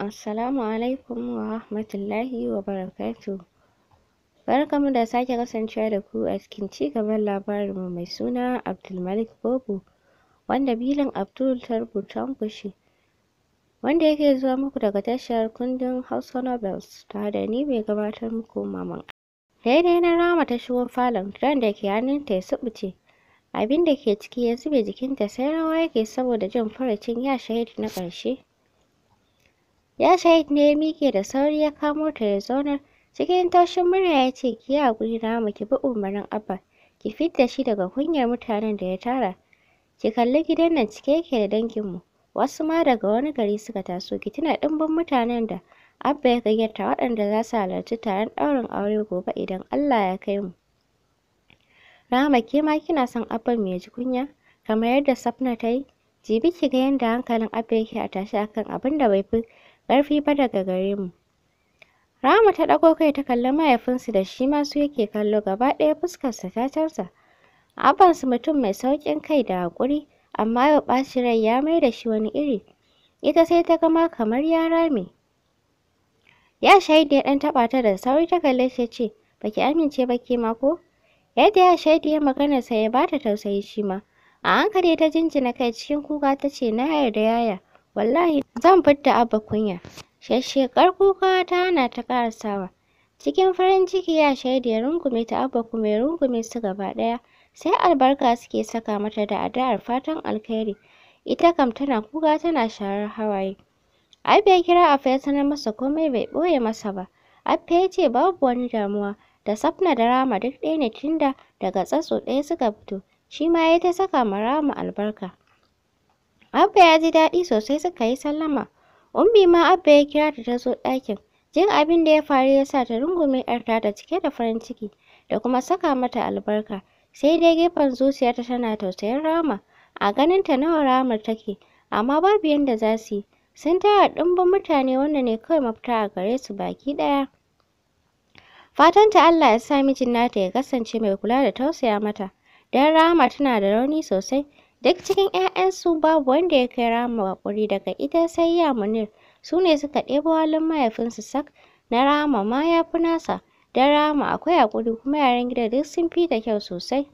Assalamu alaikum wa rahmatullahi wa barakatuh. Barkamu da sake kasancewa da ku a cikin cigaban labarinmu mai suna Abdulmalik Bobo, wanda Bilin Abdul ta rubuta Wanda yake zuwa muku daga tashar kundin Hausa Nobels ta da ni mai gabatar muku Maman. Daidai na rama ta shigo falon tran da ke hannunta ya subuce. Abin da ke ciki ya zube jikinta sai rawa yake saboda jin faracin ya shahid na ƙarshe. Ya shahid ne ya miƙe da sauri ya kamo ta da zaunar. Cikin taushin murya ya ce ki yi haƙuri Rahama ki bi umarnin Abba. Ki fidda shi daga kunyar mutanen da ya tara. Ki kalli gidan nan cike yake da danginmu. Wasu ma daga wani gari suka taso. Ki tuna ɗimbin mutanen da Abba ya gayyata waɗanda za su halarci taron ɗaurin aure gobe idan Allah ya kai mu. Rahama ke ma kina son Abban mu ya ji kunya? Kamar yadda Safna ta yi? Jibi ki ga yadda hankalin Abba yake a tashi akan abin da bai fi ƙarfi ba daga gare mu Rahama ta ɗago kai ta kalli mahaifinsu da shi ma su yake kallo gaba ɗaya fuskarsa ta canza. Abansu mutum mai sauƙin kai da haƙuri, amma yau ɓaci rai ya mai da shi wani iri. Ita sai ta gama kamar ya rame. Ya shaidi ya ɗan taɓa ta da sauri ta kalle shi ce, ba ki amince ba ke ma ko? Yadda ya shaidi ya maganarsa ya ba ta tausayi shi ma. A hankali ta jinjina kai cikin kuka ta ce na yarda yaya. wallahi zan fidda abba kunya shesheƙar kuka ta hana ta ƙarasawa cikin farin ciki ya shaida ya rungume ta abba kuma ya rungume su gaba ɗaya sai albarka suke saka mata da addu'ar fatan alkhairi ita kam tana kuka tana sharar hawaye Abba ya kira Afa ya sanar masa komai bai ɓoye masa ba Abba ya ce babu wani damuwa da Safna da Rama duk ɗaya ne tunda daga tsatso ɗaya suka fito shi ma ya ta saka ma Rama albarka Abba ya ji daɗi sosai suka yi sallama. umbi ma Abba ya kira ta tazo ɗakin. Jin abin da ya faru ya sa ta rungume 'yarta da cike da farin ciki da kuma saka mata albarka. Sai dai gefen zuciyarta tana tausayin Rama. A ganinta nawa Ramar take, amma babu yadda za su yi. Sun tara ɗumbin mutane wanda ne kawai mafita a gare su baki ɗaya. Fatan ta Allah ya sa mijin nata ya kasance mai kula da tausaya mata. Don Rama tana da rauni sosai, Duk cikin 'ya'yansu babu wanda ya kai rama haƙuri daga ita sai ya Munir. Su ne suka ɗebo halin mahaifinsu sak na rama ma ya fi nasa. Don rama akwai haƙuri kuma yaran gida duk sun fi ta kyau sosai.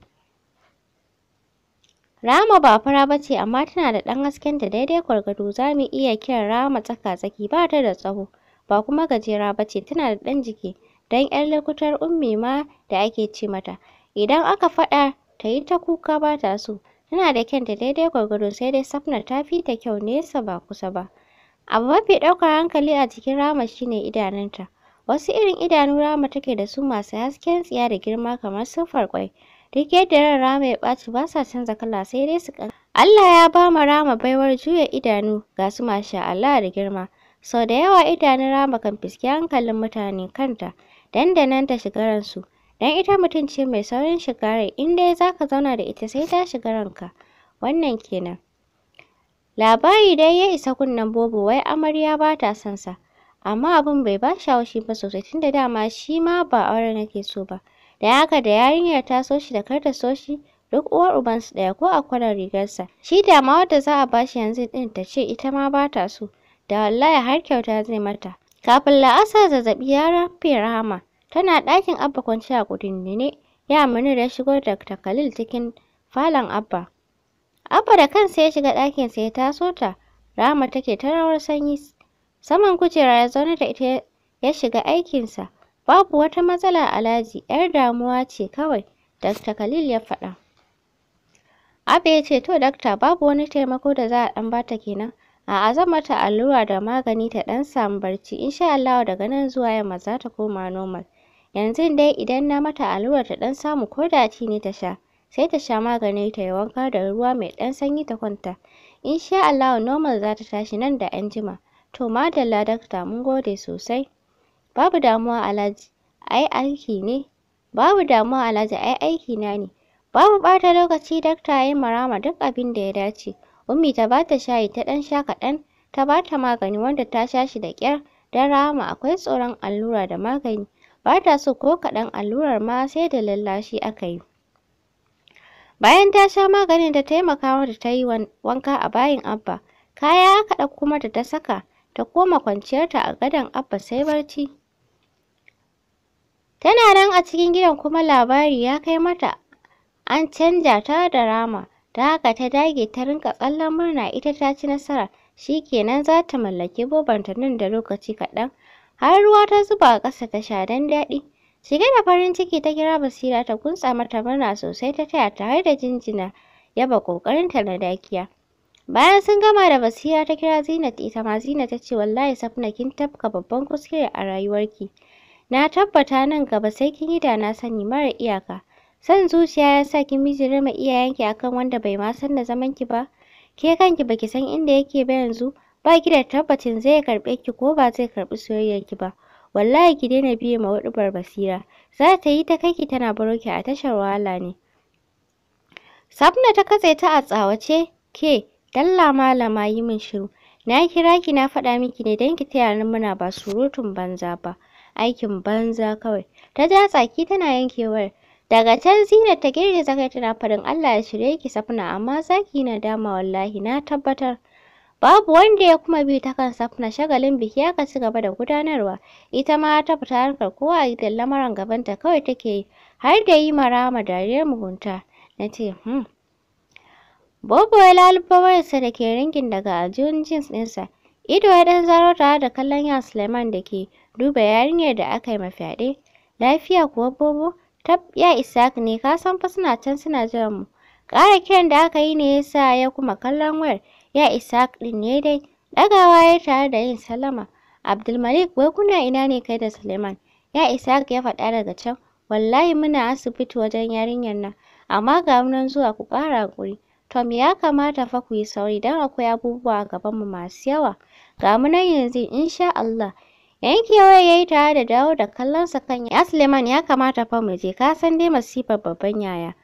Rama ba fara ba ce amma tana da ɗan hasken da daidai gwargwado za mu iya kiran Rama tsaka-tsaki ba ta da tsawo ba kuma gajera ba ce tana da ɗan jiki don 'yar lokutar ummi ma da ake ce mata idan aka faɗa ta yi ta kuka ba ta so tana da kyan da daidai gwargwado sai dai Safnar ta fi ta kyau nesa ba kusa ba abu mafi ɗaukar hankali a jikin rama shine idanunta wasu irin idanu rama take da su masu hasken tsiya da girma kamar siffar kwai duk yadda ran rama ya ɓaci ba sa canza kala sai dai su Allah ya ba rama baiwar juya idanu ga su masha Allah da girma sau da yawa idanun rama kan fiski hankalin mutane kanta dandanan ta shiga ransu Dan ita mutum ce mai saurin shiga rai, in dai zaka zauna da ita sai ta shiga ranka. Wannan kenan. Labari dai ya isa kunnen Bobo wai amarya ba ta son sa. Amma abin bai ba shi haushi ba sosai tunda dama shi ma ba auren yake so ba. Da haka da yarinyar ta so shi da kar ta so shi duk uwar ubansu ɗaya ko a rigar rigarsa. Shi dama wadda za a bashi yanzu ɗin ta ce ita ma ba ta so. Da wallahi har kyauta zai mata. Kafin la'asa zazzaɓi ya rafe Rahama. Tana ɗakin Abba kwance a kudindine, ya Munir ya shigo da Dr. Khalil cikin falon Abba. Abba da kansa ya shiga ɗakinsa ya taso ta, rama take ta rawar sanyi. Saman kujera ya zaune da ita ya shiga aikinsa. Babu wata matsala Alhaji, 'yar damuwa ce kawai, Dr. Khalil ya faɗa. Abba ya ce, to dakta babu wani taimako da za a ɗan bata kenan. A'a zan mata allura da magani ta ɗan samu barci, insha Allah daga nan zuwa yamma za ta koma normal. yanzun dai idan na mata allurar ta ɗan samu ko da ti ne ta sha sai ta sha maganin ta yi wanka da ruwa mai ɗan sanyi ta kwanta insha Allahu normal za ta tashi nan da 'yanjima, jima to madalla dakta mun gode sosai babu damuwa Alhaji ai aiki ne babu damuwa Alhaji ai aiki na ne babu ɓata lokaci dakta ya marama duk abin da ya dace ummi ta ba ta shayi ta ɗan sha kaɗan ta ba ta magani wanda ta sha shi da ƙyar don rahama akwai tsoron allura da magani ba ta so ko kaɗan allurar ma sai da lallashi aka yi bayan ta sha maganin da taimaka da ta yi wanka a bayin abba kaya aka kuma da ta saka ta koma kwanciyarta a gadon abba sai barci tana nan a cikin gidan kuma labari ya kai mata an canja ta da rama ta haka ta dage ta rinka tsallen murna ita ta ci nasara shi kenan za ta mallaki bobanta nan da lokaci kaɗan har ruwa ta zuba a ƙasa ta sha don daɗi. Shige da farin ciki ta kira Basira ta kuntsa mata murna sosai ta taya ta har da jinjina yaba ƙoƙarinta na dakiya. Bayan sun gama da Basira ta kira Zinat ita ma Zinat ta ce wallahi Safna kin tafka babban kuskure a rayuwarki. Na tabbata nan gaba sai kin yi da na sani mara iyaka. San zuciya ya sa kin miji rama iyayenki akan wanda bai ma san da zaman ki ba. Ke kanki baki san inda yake ba yanzu. ba ki da tabbacin zai karɓe ki ko ba zai karɓi soyayyar ki ba wallahi ki daina biye ma bar basira za ta yi ta kai tana baro ki a tashar wahala ne Sabna ta katse ta a tsawace ke dalla malama yi min shiru na kira ki na faɗa miki ne dan ki taya ni muna ba surutun banza ba aikin banza kawai ta ja tsaki tana yankewar daga can zinar ta girgiza kai tana faɗin Allah ya shirye ki safna amma zaki na dama wallahi na tabbatar Babu wanda ya kuma bi ta kan safna shagalin biki aka ci gaba da gudanarwa. Ita ma ta fita harkar kowa a lamarin gabanta kawai take yi har da yi marama dariyar mugunta. Na ce, hmm. Bobo ya lalubo wayarsa da ke ringin daga aljihun jeans ɗinsa. Ido ya ɗan zaro tare da kallon yan Suleiman da ke duba yarinyar da aka yi mafyaɗe. Lafiya kuwa Bobo? Tab ya Isaac ne ka san fa suna can suna jiran mu. Ƙara kiran da aka yi ne ya sa ya kuma kallon wayar. ya isa ɗin ne dai ɗagawa ya tare da yin salama Abdulmalik wai kuna ina ne kai da Suleiman ya isa ya faɗa daga can wallahi muna asibiti wajen yarinyar nan amma ga nan zuwa ku ƙara hakuri Tom ya kamata fa ku yi sauri don akwai abubuwa a gabanmu masu yawa ga mu nan yanzu insha Allah yankewa ya yi tare da dawo da kallonsa kan ya Suleiman ya kamata fa mu je ka san dai masifar babban yaya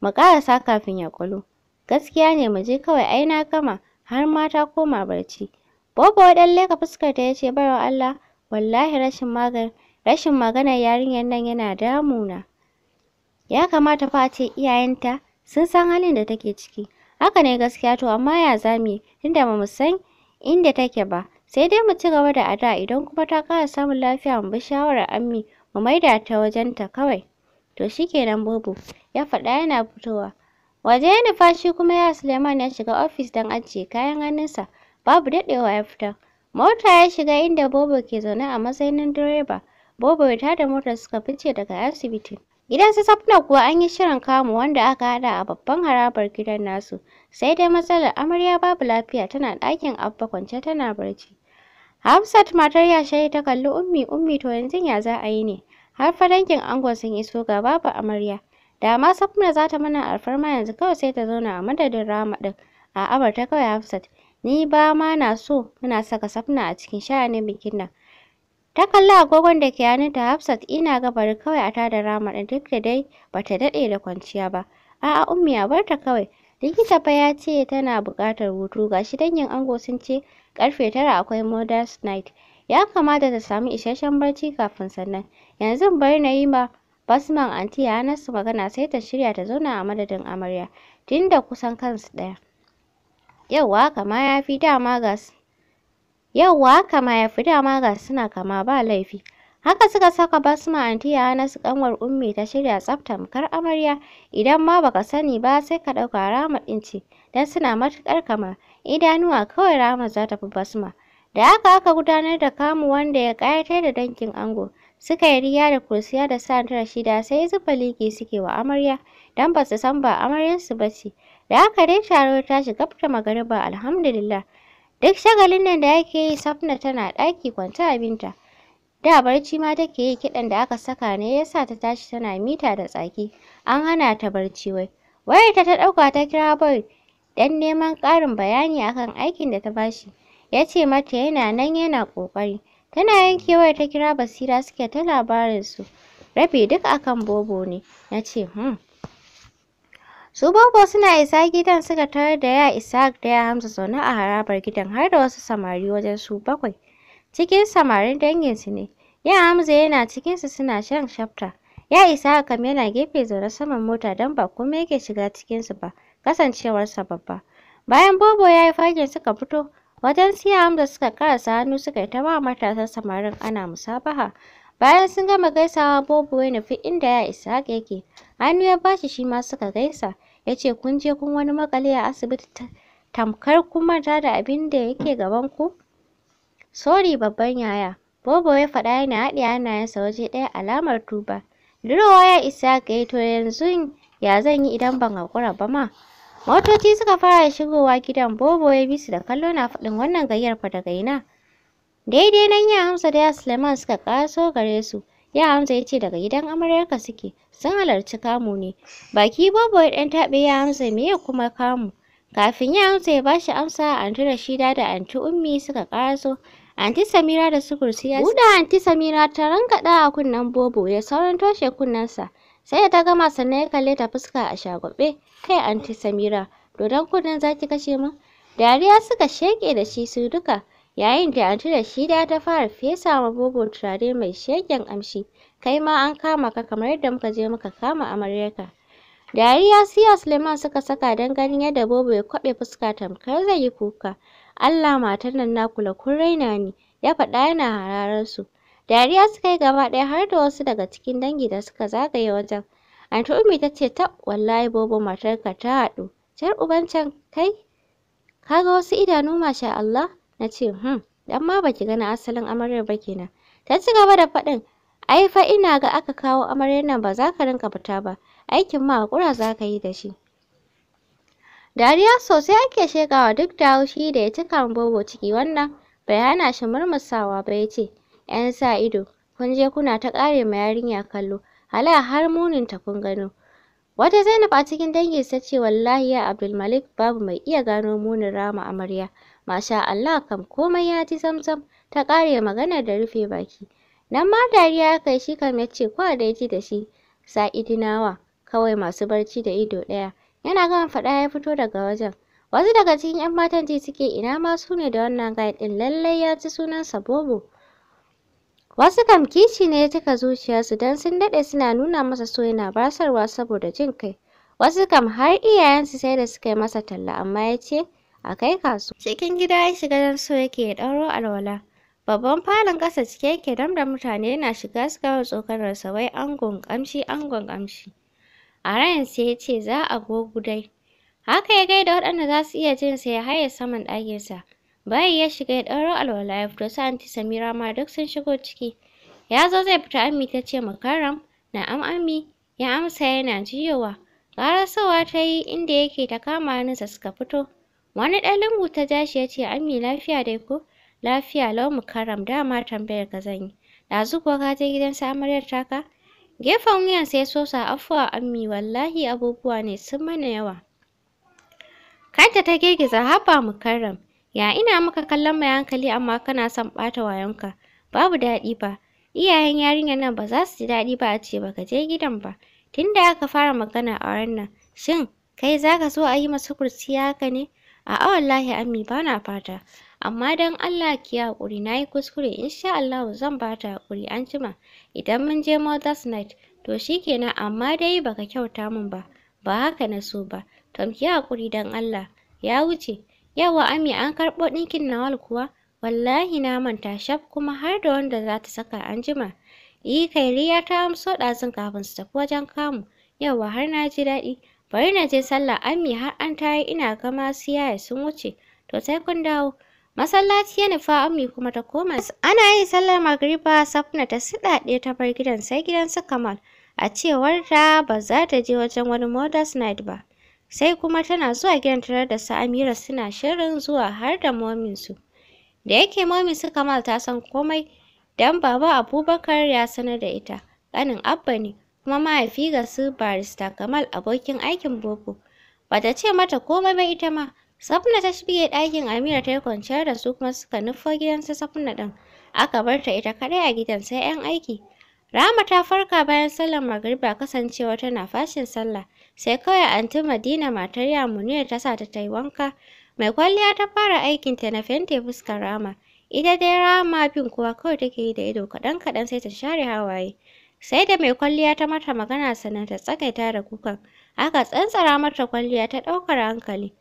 mu ƙarasa kafin ya ƙulu Gaskiya ne mu je kawai ai na gama har mata koma barci. Bobo dan leka fuskar ta yace barwa Allah wallahi rashin magan rashin maganar yarinyar nan yana damuna. Ya kamata fa ce iyayenta sun san halin da take ciki. Haka ne gaskiya to amma ya zame tunda ba mu san inda take ba. Sai dai mu ci gaba da ada idan kuma ta ƙara samun lafiya mu bi shawarar ammi mu maida ta wajenta kawai. To shikenan Bobo ya faɗa yana fitowa. Waje ya nufa kuma ya Suleiman ya shiga ofis don ajiye kayan hannunsa. Babu daɗewa ya fita. Mota ya shiga inda Bobo ke zaune a matsayin direba. Bobo ya tada motar suka fice daga asibiti. Gidan su Safna kuwa an yi shirin kamu wanda aka haɗa a babban harabar gidan nasu. Sai dai matsalar amarya babu lafiya tana ɗakin Abba kwance tana barci. Hafsat matar Yashayi ta kalli Ummi Ummi to yanzu ya za a yi ne? Har fa dangin angon sun iso ga babu amarya. da ma Safna za ta mana alfarma yanzu kawai sai ta zauna a madadin Rama ɗin a ta kawai Hafsat ni ba ma na so ina saka Safna a cikin sha'anin bikin nan ta kalla agogon da ke hannunta Hafsat ina ga bari kawai a tada Rama ɗin duk da dai ba ta daɗe da kwanciya ba a'a ummi a barta kawai likita fa ya ce tana buƙatar hutu gashi dangin ango sun ce karfe tara akwai mothers night ya kamata ta samu isasshen barci kafin sannan yanzu bari na yi ma Basman anti ya nasu magana sai ta shirya ta zauna a madadin amarya tunda kusan kansu ɗaya. Yauwa kama ya fi dama ga suna kama ba laifi. Haka suka saka basma anti ya nasu su kanwar ummi ta shirya tsafta mukar amarya idan ma baka sani ba sai ka ɗauka rama ɗinci, don suna matuƙar kama idanuwa kawai rama za ta fi basma. Da haka aka gudanar da kamu wanda ya ƙayatar da dangin ango. suka yi riya da kursiya da sa shida sai zuba liki suke wa amarya don ba su san ba su ba ce da aka dai taro tashi, shiga da ba, alhamdulillah duk shagalin nan da yake yi safna tana ɗaki kwanta abinta da barci ma take yi kiɗan da aka saka ne yasa ta tashi tana mita da tsaki an hana ta barci wai wayarta ta ta ɗauka ta kira boy dan neman ƙarin bayani akan aikin da ta bashi ya ce mata yana nan yana ƙoƙari Tana yankewar ta kira Basira suke ta labarinsu. Rabi duk akan Bobo ne. ya ce, hmm. Su Bobo suna isa gidan suka tarar da ya isa da ya Hamza zaune a harabar gidan har da wasu samari wajen su bakwai. Cikin samarin danginsu ne. Ya Hamza yana cikinsu suna shan shafta. Ya isa kam yana gefe zaune saman mota don ba kuma yake shiga cikinsu ba, kasancewarsa babba. Bayan Bobo ya yi fagen suka fito, Wajen siya da suka karasa hannu suka yi ta ba matasan samarin ana musabaha. Bayan sun gama gaisawa Bobo ya nufi inda ya isa yake. Hannu ya bashi shi ma suka gaisa. Ya ce kun je kun wani makale a asibiti tamkar kun manta da abin da yake gaban ku. Sori babban yaya. Bobo ya faɗa yana haɗe hannayensa waje ɗaya alamar tuba. Durowa ya isa ga to yanzu ya zan yi idan ban haƙura ba ma. motoci suka fara shigowa gidan bobo ya bi su da kallo na faɗin wannan gayyar fa daga ina daidai nan ya amsa da ya suleiman suka kaso gare su ya amsa ya ce daga gidan amaryarka suke sun halarci kamu ne baki bobo ya ɗan taɓe ya amsa, me ya kuma kamu kafin ya amsa ya bashi amsa anti rashida da anti ummi suka kaso Anti Samira da Sukur ya buɗe Anti Samira ta rankaɗa a kunnen Bobo ya sauran toshe kunnensa. sai da ta gama sannan ya kalle ta fuska a shagwaɓe kai anti samira dodon kunnen zaki kashe mu. dariya suka sheke da shi su duka yayin da anti da shi da ta fara fesa ma bobo turare mai sheken amshi kai ma an kama ka kamar yadda muka je muka kama amaryarka dariya siya suleiman suka saka don ganin yadda bobo ya kwaɓe fuska tamkar zai yi kuka allah matar nan na kula kun raina ni ya faɗa yana hararar su Dariya suka yi gaba ɗaya har da wasu daga cikin dangi da suka zagaye wajen. Anti Ummi ta ce tab wallahi bobo matarka ta haɗu. Jar uban can kai ka ga wasu idanu masha Allah na ce hmm dan ma baki gani asalin amaryar ba kenan. Ta ci gaba da faɗin ai fa ina ga aka kawo amaryar nan ba za ka rinka fita ba aikin ma hakura za ka yi da shi. Dariya sosai ake shekawa duk da haushi da ya cika bobo ciki wannan bai hana shi murmusawa ba ya ce 'yan sa ido kun je kuna ta kare ma yarinya kallo hala har munin ta kun gano wata Zainab a cikin dangin ta ce wallahi ya Abdulmalik babu mai iya gano munin rama amarya masha Allah kam komai ya ji zamzam ta kare magana da rufe baki nan ma dariya ya kai shi kam ya ce kwa da yake da shi nawa? kawai masu barci da ido ɗaya yana gama faɗa ya fito daga wajen Wasu daga cikin 'yan matan ji suke ina ma su ne da wannan guy ɗin lallai ya ci sunan sabobo. Wasu kam kishi ne ya cika zuciyarsu don sun daɗe suna nuna masa so yana basarwa saboda jin kai. Wasu kam har iyayensu sai da suka yi masa talla amma ya ce a kai kasuwa. Cikin gida ya shiga don so yake ya ɗauro alwala. Babban falon ƙasa cike yake dam da mutane yana shiga suka yi tsokanarsa wai angon ƙamshi angon ƙamshi. A sa ya ce za a go dai. Haka ya gaida waɗanda za su iya jin sa ya haye saman ɗakinsa. Bayan ya shiga ya ɗauro alwala ya fito sa anti Samira ma duk sun shigo ciki. Ya zo zai fita Ammi ta ce makaram, am Ami ya amsa yana jiyowa. Ƙarasowa ta yi inda yake ta kama hannunsa suka fito. Wani ɗan lungu ta ja shi ya ce Ammi lafiya dai ko? Lafiya lau mukarram dama tambayar ka zan yi. Ɗazu kuwa ka je gidan su amaryar taka? Gefen wuyan sai sosa afuwa Ammi wallahi abubuwa ne sun mana yawa. Kanta ta girgiza haba mukarram. Ya ina maka kallon mai hankali amma kana son ɓata wayonka. Babu daɗi ba. Iyayen yarinyar nan ba za su ji daɗi ba a ce baka je gidan ba. Tun da aka fara magana a wurin nan, shin kai za ka so a yi masa kurciya haka ne? A'a wallahi Ammi ba na fata. Amma don Allah ki haƙuri na yi kuskure insha Allah zan ba ta haƙuri an jima. Idan mun je Mother's Night to shi kenan amma dai baka kyauta min ba. Ba haka na so ba. Tom ki haƙuri don Allah. Ya wuce. Yawa Ami an karɓo ɗinkin Nawal kuwa? Wallahi na manta shaf kuma har da wanda za ta saka an jima. Yi riya ta amso ɗazun kafin su tafi wajen kamu. Yawa har na ji daɗi. Bari na je sallah Ami har an tayi ina gama masu yaya sun wuce. To sai kun dawo. Masallaci ya nufa Ami kuma ta koma. Ana yin sallar magriba Safna ta siɗaɗe ta bar gidan sai gidan su Kamal. A cewar ta ba za ta je wajen wani Mothers Night ba. sai kuma tana zuwa gidan tare da su Amira suna shirin zuwa har da su. Da yake mominsu Kamal ta san komai dan baba Abubakar ya sanar da ita, ƙanin Abba ne kuma mahaifi ga su barista Kamal abokin aikin boko. Bata ce mata komai ba ita ma, Safna ta shige ɗakin Amira ta yi kwanciyar da su kuma suka nufo gidan su Safna ɗin. Aka bar ta ita kaɗai a gidan sai 'yan aiki. Rama ta farka bayan sallar magariba kasancewa tana fashin sallah. sai kawai anti madina matar ya muniyar ta sa ta ta wanka mai kwalliya ta fara aikin ta na fente fuskar rama ita dai rama bin kuwa kawai take yi da ido kaɗan kaɗan sai ta share hawaye sai da mai kwalliya ta mata magana sannan ta tsagaita da kukan aka tsantsara mata kwalliya ta ɗaukar hankali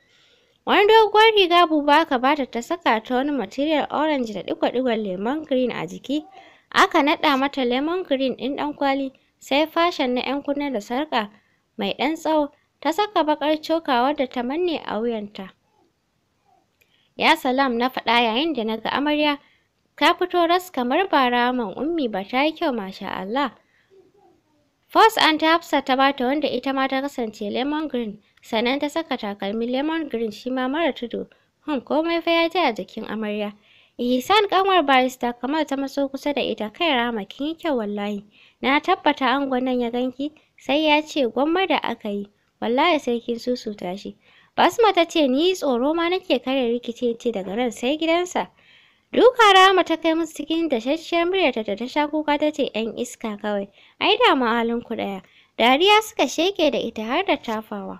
wani doguwar riga buba aka bata ta saka ta wani material orange da ɗigo-ɗigon lemon green a jiki aka naɗa mata lemon green ɗin ɗan kwali sai fashion na 'yan kunne da sarƙa mai ɗan tsawo ta saka baƙar cokawa wadda ta manne a wuyanta. Ya salam na faɗa yayin da na ga amarya ta fito ras kamar ba ramin ummi ba ta yi kyau masha Allah. First an ta hafsa ta bata wanda ita ma ta kasance lemon green sannan ta saka takalmin lemon green shi ma mara tudu. Hum komai fa ya ji a jikin amarya. Ihsan kanwar barista kamar ta maso kusa da ita kai rama kin yi kyau wallahi. Na tabbata angon nan ya ganki sai ya ce gwamma da aka yi wallahi sai kin susuta shi basma ta ce ni tsoro ma nake kare rikice ce daga ran sai gidansa duka rama ta kai musu cikin dashashshiyar muryarta da ta sha kuka ta ce yan iska kawai ai da ma halin ku ɗaya dariya suka sheke da ita har da tafawa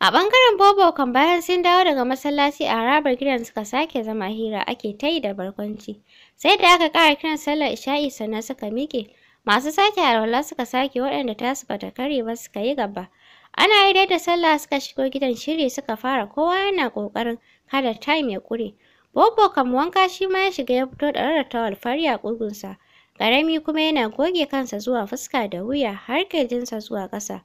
A bangaren Bobo kan bayan sun dawo daga masallaci a harabar gidan suka sake zama hira ake ta yi da barkwanci. Sai da aka ƙara kiran sallar isha'i sannan suka miƙe. masu sake alwala suka sake waɗanda tasu bata kare ba suka yi gaba ana yi da sallah suka shigo gidan shiri suka fara kowa yana ƙoƙarin kada time ya ƙure Bobo kam wanka shi ma ya shiga ya fito da tawal fari a ƙugunsa ƙarami kuma yana goge kansa zuwa fuska da wuya har ƙirjinsa zuwa ƙasa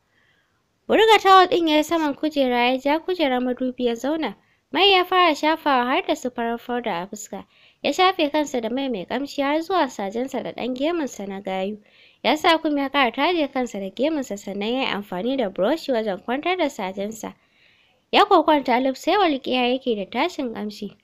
burga tawal ɗin ya yi saman kujera ya ja kujera madubi ya zauna mai ya fara shafawa har da su farar fauda a fuska ya shafe kansa da mai mai kamshi har zuwa sajensa da ɗan gemunsa na gayu ya sa kuma ya ƙara taje kansa da gemunsa sannan ya yi amfani da buroshi wajen kwantar da sajensa ya kwakwanta lif sai walƙiya yake da tashin kamshi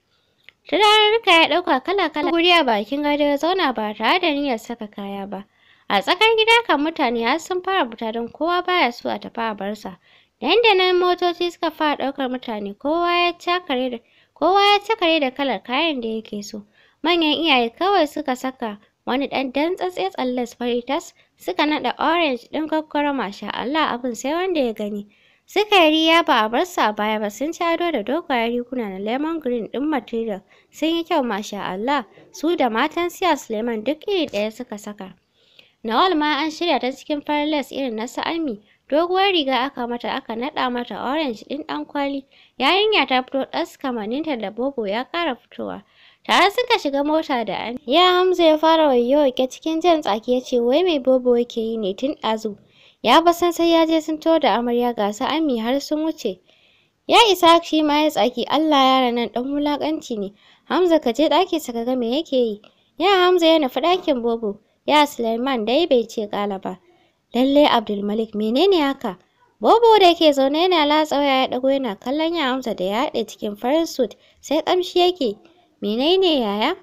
turarurruka ya ɗauka kala kala guri a bakin gado ya zauna ba tare da niyyar saka kaya ba a tsakar gida kan mutane har sun fara fita don kowa baya so a tafi a barsa nan motoci suka fara ɗaukar mutane kowa ya cakare da kowa ya cakare da kalar kayan da yake so manyan iyaye kawai suka saka wani ɗan dantsatse tsalles fari tas suka naɗa orange ɗin gwaggwaro masha Allah abin sai wanda ya gani suka yi riya ba a bar su a baya ba sun ci ado da dogayen riguna na lemon green ɗin material sun yi kyau masha Allah su da matan siya Suleiman duk iri ɗaya suka saka Nawal ma an shirya ta cikin farles irin na su doguwar riga aka mata aka naɗa mata orange ɗin ɗan kwali ya ta fito ɗas kamanninta da bobo ya ƙara fitowa Tare suka shiga mota da Ami. Ya Hamza ya fara wayyawake cikin jan tsaki ya ce wai mai bobo yake yi ne tun azu Ya basan sai ya je sun to da amarya ga su Ami har sun wuce. Ya isa shi ma ya tsaki Allah yaran nan dan mulakanci ne. Hamza ka je ɗaki sa ga me yake yi. Ya Hamza ya nufi ɗakin bobo. Ya Sulaiman dai bai ce kala ba. Lallai Abdulmalik menene haka? Bobo da yake zaune yana latsa waya ya ɗago yana kallon ya Hamza da ya haɗe cikin farin suit sai kamshi yake. menene yaya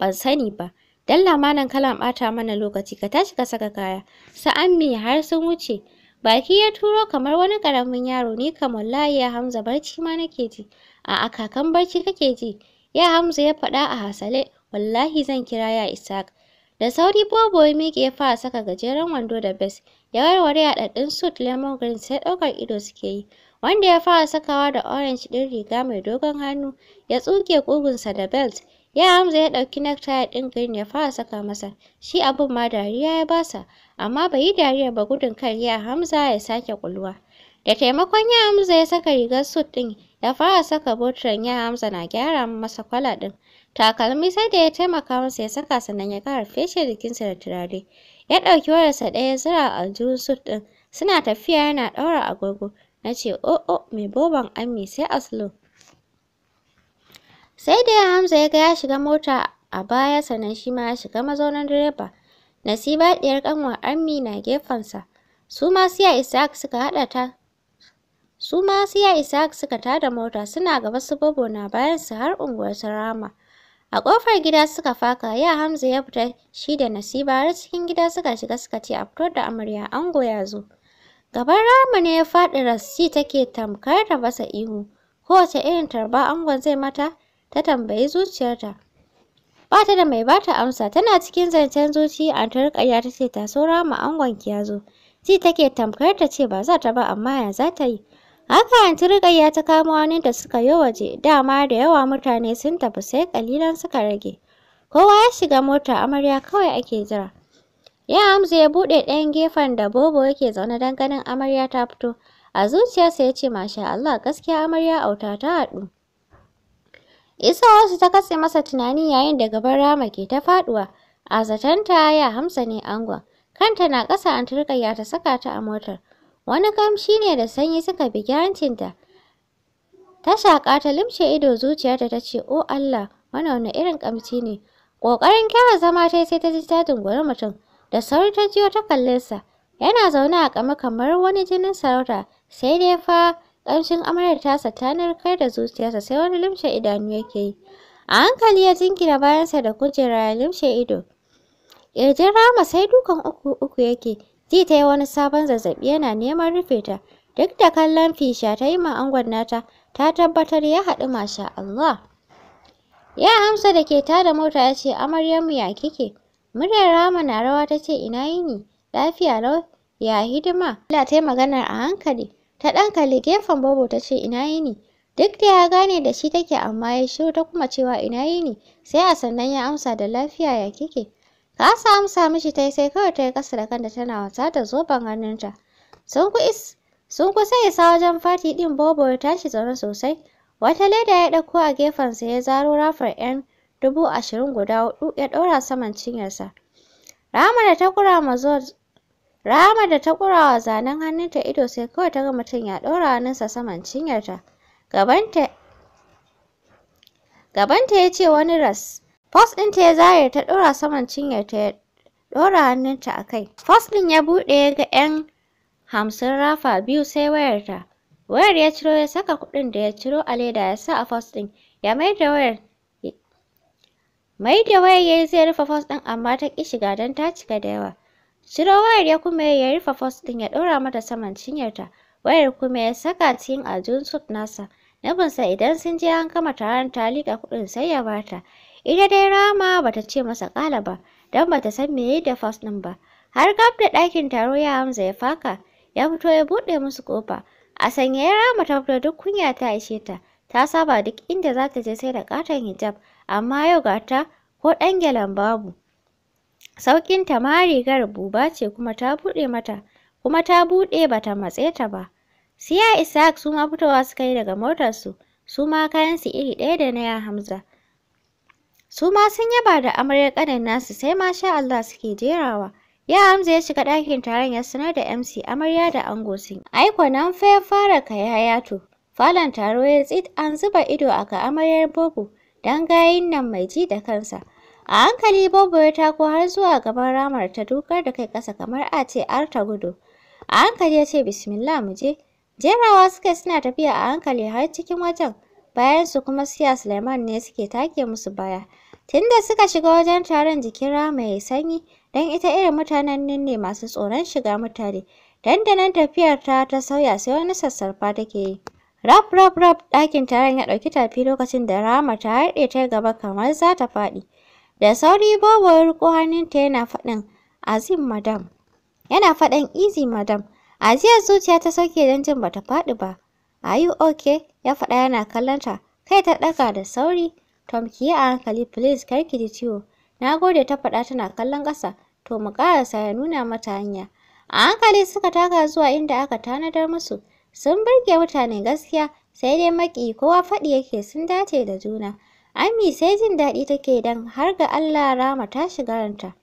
ban sani ba dan lamanan kalan ɓata mana lokaci ka tashi ka saka kaya Sa'an ammi har sun wuce baki ya turo kamar wani karamin yaro ni kam wallahi ya hamza barci ma nake ji a'a kakan barci kake ji ya hamza ya faɗa a hasale wallahi zan kira ya ishaq da sauri bobo ya miƙe ya fara saka gajeren wando da bes da warware haɗaɗɗun suit lemon green sai ɗaukar ido suke yi wanda ya fara sakawa da orange ɗin riga mai dogon hannu ya tsuke ƙugunsa da belt ya Hamza ya ɗauki necktie ɗin green ya fara saka masa shi abin ma dariya ya basa amma bai yi dariya ba gudun kar ya Hamza ya sake kulwa da taimakon ya Hamza ya saka rigar suit ɗin ya fara saka botron ya Hamza na gyara masa kwala ɗin takalmi sai da ya taimaka masa ya saka sannan ya ƙara feshe jikinsa da turare Ya ɗauki wayarsa ɗaya zira a aljihun sut ɗin. Suna tafiya yana ɗaura agogo. Na ce o oh, o oh, mai boban ammi sai a Sai dai Hamza ya ga ya shiga mota a baya sannan shi ma ya shiga mazaunin direba. Nasiba ɗiyar ƙanwar ammi na gefensa. Su ma siya Isaac suka su ma siya Isaac suka tada mota suna gaba su bobo na bayan su har unguwar sarama rama. A ƙofar gida suka faka, ya Hamza ya fita shi da Nasiba har cikin gida suka shiga suka ce a fitar da amarya ango ya zo. Gaban Rama ne ya faɗi rassi take tamkar da basa ihu. Kowace irin tarba angon zai mata ta tambayi zuciyarta. Ba ta da mai ba ta amsa tana cikin zancen zuci a ta ya ta ce ta so Rama angon ki ya zo. Ji take tamkar ta ce ba za ta ba amma ya za ta yi. Haka yanzu Rukayya ta kamo da suka yi waje, dama da yawa mutane sun tafi sai ƙalilan suka rage. Kowa ya shiga mota amarya kawai ake jira. Ya Hamza ya buɗe ɗayan gefen da Bobo yake zaune don ganin amarya ta fito. A zuciyarsa ya ce masha Allah gaskiya amarya auta ta haɗu. Isa ta katse masa tunani yayin da gaban rama ke ta faɗuwa. A zatanta ya hamsa ne angon. Kanta na ƙasa an turƙayya ta saka ta a motar. Wani kamshi ne da sanyi suka bigi hancinta. Ta shaƙa ta limshe ido zuciyarta ta ce, O oh Allah, wani wani irin kamshi ne. Ƙoƙarin kyara zama ta sai ta ji ta dunguri mutum. Da sauri ta jiyo ta kallinsa Yana zaune a kama kamar wani jinin sarauta, sai dai fa ƙamshin amaryar tasa ta narkar da zuciyarsa sai wani limshe idanu yake yi. A hankali ya jingina bayansa da kujera ya limshe ido. Ƙirjin Rama sai dukan uku uku yake, Ji ta yi wani sabon zazzaɓi yana neman rufe ta. Duk da kallon fisha ta yi angon nata, ta tabbatar ya haɗu masha Allah. Ya amsa da ke tada mota ya ce, Amaryamu ya kike? Muryar Rama na rawa ta ce, Ina yini? Lafiya lau? Ya hidima? Allah ta yi maganar a hankali. Ta ɗan kalli gefen Bobo ta ce, Ina yini? Duk da ya gane da shi take amma ya shiru ta kuma cewa ina yini, sai a sannan ya amsa da lafiya ya kike. Ka Kasa amsa mishi ta yi sai kawai ta yi ƙasa da kanta tana wasa da zoben hannunta. Sun ku is sun kusa isa wajen fati ɗin bobo ya tashi zaune sosai. Wata leda ya ɗauko a gefen sa ya zaro rafar 'yan dubu ashirin guda huɗu ya ɗora saman cinyarsa. Rama da ta kura ma Rama da ta wa zanen hannunta ido sai kawai ta ga mutum ya ɗora hannunsa saman cinyarta. Gabanta Gabanta ya ce wani ras. Fos ɗinta ya zare ta ɗora saman ta ya ɗora hannunta a kai. Fos ɗin ya buɗe ya ga 'yan hamsin rafa biyu sai wayar ta. Wayar ya ciro ya saka kuɗin da ya ciro a leda ya sa a fos ɗin ya mai da wayar mai da wayar ya yi zai rufe fos ɗin amma ta ƙi shiga don ta cika da yawa. Ciro wayar ya kuma ya rufe fos ɗin ya ɗora mata saman ta. Wayar kuma ya saka cikin aljihun suit nasa. Nufinsa idan sun je an gama taron ta liƙa kuɗin sai ya bata. Ita dai Rama bata ce masa ƙala ba, don bata san me da fas ɗin ba. Har gab da ɗakin taro ya Hamza ya faka, ya fito ya buɗe musu ƙofa. A sanya ya Rama ta fito duk kunya ta ishe ta, ta saba duk inda za ta je sai da ƙaton hijab, amma yau ga ta ko ɗan gyalan babu. ta ma rigar buba ce kuma ta buɗe mata, kuma ta buɗe bata matse ta ba. Siya Isaac su ma fitowa suka yi daga motarsu, su ma kayansu iri ɗaya da na ya Hamza. Su ma sun yaba da amaryar ƙanin nasu sai masha Allah suke jerawa. Ya Hamza ya shiga ɗakin taron ya sanar da MC amarya da ango sun. Aiko nan fa ya fara kai yato. Falon taro ya tsit an zuba ido a ga amaryar Bobo don gayin nan mai ji da kansa. A hankali Bobo ya tako har zuwa gaban ramar ta dukar da kai ƙasa kamar a ce ar ta gudu. A hankali ya ce bismillah mu je. Jerawa suka suna tafiya a hankali har cikin wajen. Bayan su kuma siya Suleiman ne suke take musu baya. Tunda suka shiga wajen taron jikin Rama ya sanyi, don ita irin mutanen nan ne masu tsoron shiga mutane. Dandanan tafiyar ta ta sauya sai wani sassarfa take yi. Rab rab rab! ɗakin taron ya ɗauki tafi lokacin da Rama ta harɗe ta gaba kamar za ta faɗi. Da sauri babu ya riƙo hannunta yana faɗin Azim madam. Yana faɗin izi madam. Ajiyar zuciya ta sauke don jin bata faɗi ba. Are you okay? Ya faɗa yana kallon Kai ta ɗaga da sauri. Tom ki yi a hankali please kar ki ji ciwo. Na gode ta faɗa tana kallon ƙasa. To mu ƙarasa ya nuna mata hanya. A hankali suka taka zuwa inda aka tanadar musu. Sun burge mutane gaskiya sai dai maƙi kowa faɗi yake sun dace da juna. Ami sai jin daɗi take don har ga Allah rama ta shiga ranta.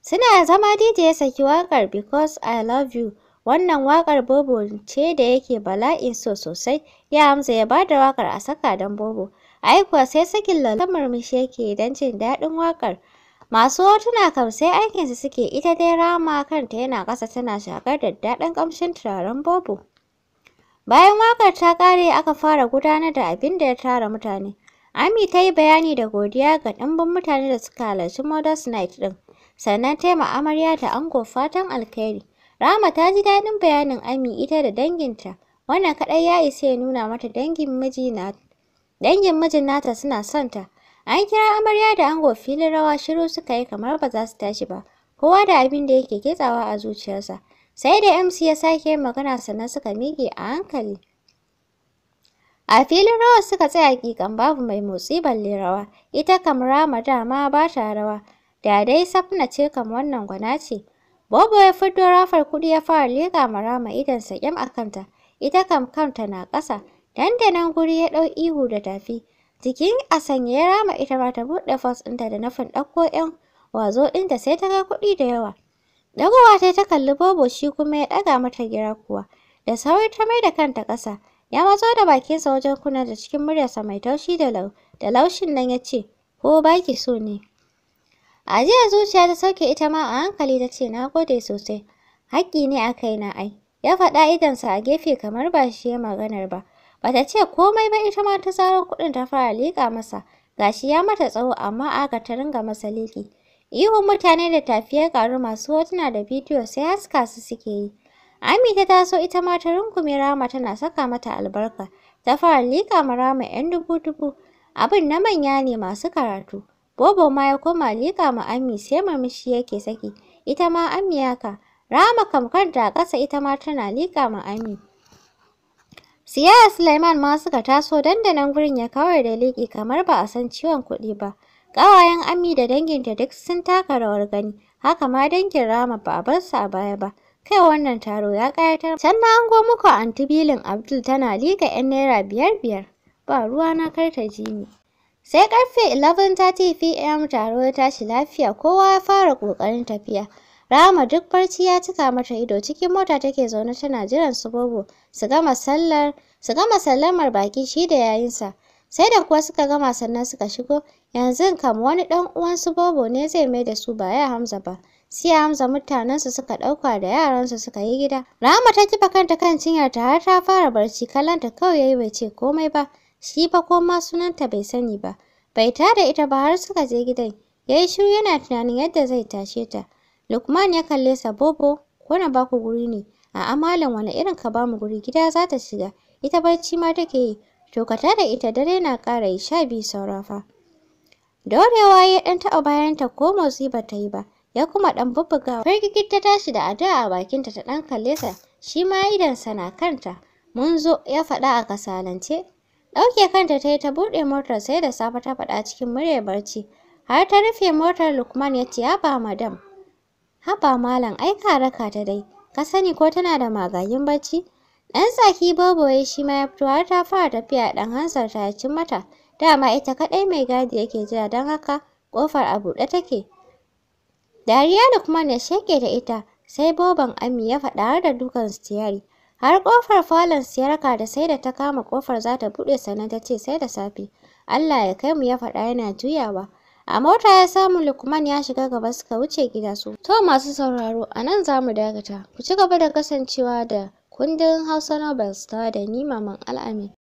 Suna zama DJ ya saki waƙar Because I Love You. Wannan waƙar Bobo ce da yake bala'in so sosai. Ya Hamza ya bada waƙar a saka don Bobo. ai kuwa sai sakin lallamar mishi yake don jin daɗin waƙar masu hotuna kam sai aikinsa suke ita dai rama kanta yana ƙasa tana shakar da daɗin ƙamshin turaren bobo bayan waƙar ta ƙare aka fara gudanar da abin da ya tara mutane ami ta yi bayani da godiya ga ɗimbin mutane da suka halarci modas night ɗin sannan ta yi amarya da ango fatan alkhairi rama ta ji daɗin bayanin ami ita da danginta wannan kaɗai ya isa ya nuna mata dangin miji na Dangin mijin nata suna son ta. An kira amarya da ango filin rawa shiru suka yi kamar ba za su tashi ba. Kowa da abin da yake kitsawa a zuciyarsa. Sai da MC ya sake magana sannan suka miƙe a hankali. A filin rawa suka tsaya kikan babu mai motsi balle rawa. Ita kam rama dama ba ta rawa. Da dai safna ce kam wannan gwana ce. Bobo ya fiddo rafar kuɗi ya fara leƙa Marama rama idonsa a kanta. Ita kam kanta na ƙasa. Dandanan guri ya ɗau ihu da tafi. Jikin a sanya ya rama ita ma ta buɗe fos ɗinta da nufin ɗauko ƴan wazo ɗinta sai ta ga kuɗi da yawa. Ɗagowa ta ta kalli Bobo shi kuma ya ɗaga mata gira kuwa. Da sauri ta mai da kanta ƙasa. Ya matso da bakinsa wajen kuna da cikin muryarsa mai taushi da lau. Da laushin nan ya ce, ko baki ki so ne. A jiya zuciya ta sauke ita ma a hankali ta ce, na gode sosai. Haƙƙi ne a na ai. Ya faɗa idonsa a gefe kamar ba shi ya maganar ba. Bata ce komai ba ita ma ta zaro kuɗin ta fara liƙa masa. Gashi ya mata tsawo amma aka ta ringa masa liƙi. Ihun mutane da tafiyar ƙaru masu hotuna da bidiyo sai haska su suke yi. Amita ta so ita ma ta rungume Rama tana saka mata albarka. Ta fara liƙa ma Rama 'yan dubu-dubu. Abin na manya ne masu karatu. Bobo ma ya koma liƙa ma Ami sai murmushi yake saki. Ita ma Ami Rama kam kanta a ƙasa ita ma tana liƙa ma Ami. Siyaya Suleiman ma suka taso dandanan gurin ya kawar da liƙi kamar ba a san ciwon kuɗi ba. Ƙawayen Ami da danginta duk sun taka rawar gani, haka ma dangin Rama ba a bar su a baya ba. Kai wannan taro ya ƙayatar. Can na ango muku anti bilin Abdul tana liƙa 'yan naira biyar biyar. Ba ruwa na kar ta ji ni. Sai ƙarfe 11:30 pm taro ya tashi lafiya kowa ya fara ƙoƙarin tafiya. Rama duk barci ya cika mata ido cikin mota take zaune tana jiran su bobo su gama sallar su gama sallamar baki shi da yayinsa. Sai da kuwa suka gama sannan suka shigo yanzu kam wani dan uwan su bobo ne zai mai da su ba ya Hamza ba. Sai Hamza mutanensu suka ɗauka da yaransu suka yi gida. Rama ta kifa kanta kan cinyarta har ta fara barci kallonta kawai yayi bai ce komai ba. Shi fa ko sunanta bai sani ba. Bai tada ita ba har suka je gidan. Yayi shiru yana tunanin yadda zai tashe ta. Lukman ya kalle sa bobo ko na baku guri ne a'a malam wani irin ka bamu guri gida za ta shiga ita barci ma take yi to ka tada ita dare na ƙara yi sha biyu saurafa. Dore Dorewa ya ɗan taɓa bayanta ko motsi ba ta yi ba ya kuma ɗan bubbuga firgigit ta tashi da ada a bakinta ta ɗan kalle sa shi ma idonsa na kanta mun zo ya faɗa a kasalance ɗauke kanta ta yi ta buɗe motar sai da safe ta faɗa cikin muryar barci har ta rufe motar lukman ya ce ya ba madam Haba malam ai ka raka ta dai, ka sani ko tana da magayin bacci? Ɗan tsaki boboye shi ma ya fito har ta fara tafiya ɗan hansar ta ya cin mata. Dama ita kaɗai mai gadi yake jira don haka ƙofar a buɗe take. Dariya da kuma ya sheƙe da ita sai boban Ami ya faɗa har da dukan stiyari. Har ƙofar falon siyarka da sai da ta kama ƙofar za ta buɗe sannan ta ce sai da safe. Allah ya kai mu ya faɗa yana juyawa. A mota ya samu Lukman ya shiga gaba suka wuce gida su. To masu sauraro a nan za mu dakata. Ku ci gaba da kasancewa da kundin Hausa Nobel star da ni Maman Al'amin.